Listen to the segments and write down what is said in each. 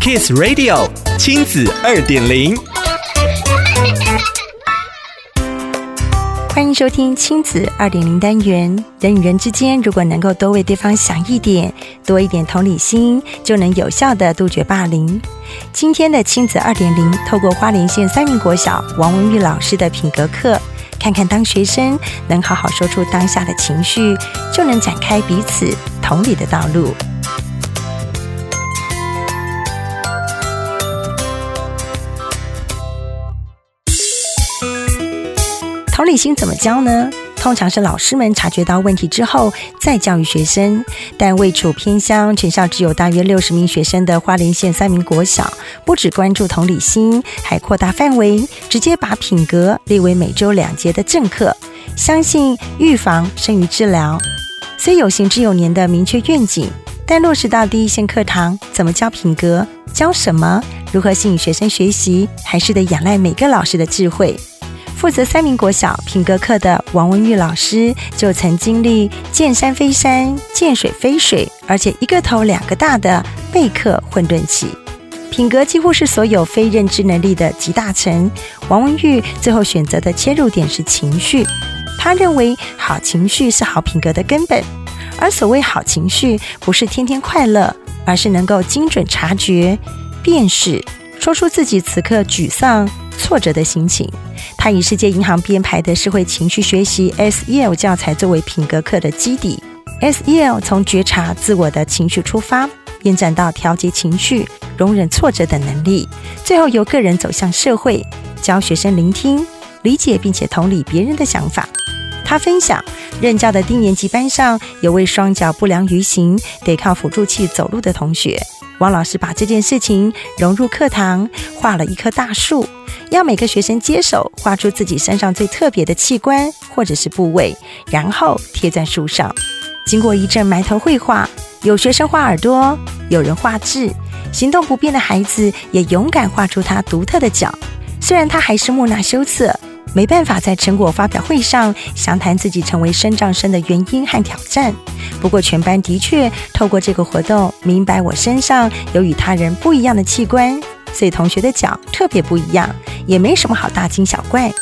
Kiss Radio 親子二點零，歡迎收聽親子二點零單元。人與人之間，如果能夠多為對方想一點，多一點同理心，就能有效的杜絕霸凌。今天的親子二點零，透過花蓮縣三民國小王文郁老師的品格課，看看當學生能好好說出當下的情緒，就能展開彼此同理的道路。同理心怎麼教呢？通常是老師們察覺到問題之後再教育學生。但位處偏鄉、全校只有大約六十名學生的花蓮縣三民國小，不只關注同理心，還擴大範圍，直接把品格列為每週兩節的正課。相信預防勝於治療。雖有行之有年的明確願景，但落實到第一線課堂，怎麼教品格、教什麼、如何吸引學生學習，還是得仰賴每個老師的智慧。負責三民國小品格課的王文郁老師，就曾經歷見山非山、見水非水，而且一個頭兩個大的備課混沌期。品格幾乎是所有非認知能力的集大成。王文郁最後選擇的切入點是情緒，他認為好情緒是好品格的根本。而所謂好情緒，不是天天快樂，而是能夠精準察覺、辨識、說出自己此刻沮喪、挫折的心情。他以世界銀行編排的社會情緒學習 （SEL） 教材作為品格課的基底。SEL 從覺察自我的情緒出發，延展到調節情緒、容忍挫折等能力，最後由個人走向社會，教學生聆聽、理解並且同理別人的想法。他分享，任教的低年級班上有位雙腳不良於行，得靠輔助器走路的同學。王老師把這件事情融入課堂，畫了一棵大樹，要每個學生接手畫出自己身上最特別的器官或者是部位，然後貼在樹上。經過一陣埋頭繪畫，有學生畫耳朵，有人畫痣，行動不便的孩子也勇敢畫出他獨特的腳，雖然他還是木訥羞澀。沒辦法在成果發表會上詳談自己成為身障生的原因和挑戰。不過全班的確透過這個活動明白我身上有與他人不一樣的器官，所以同學的腳特別不一樣，也沒什麼好大驚小怪。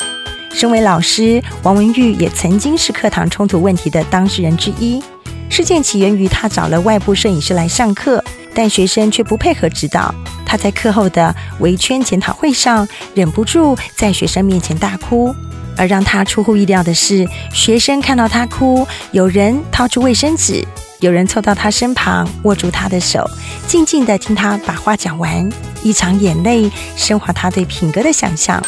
身為老師，王文郁也曾經是課堂衝突問題的當事人之一。事件起源於他找了外部攝影師來上課。但學生卻不配合指導，他在課後的圍圈檢討會上忍不住在學生面前大哭。而讓他出乎意料的是，學生看到他哭，有人掏出衛生紙，有人湊到他身旁握住他的手，靜靜地聽他把話講完，一場眼淚升華他對品格的想象。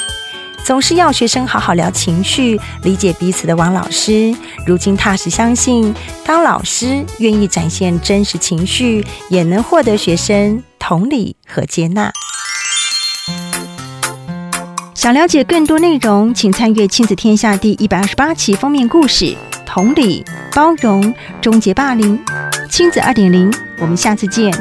總是要學生好好聊情緒，理解彼此的王老師，如今踏實相信，當老師願意展現真實情緒，也能獲得學生同理和接納。想了解更多內容，請參閱《親子天下》第一百二十八期封面故事：同理、包容、終結霸凌。親子二點零，我們下次見。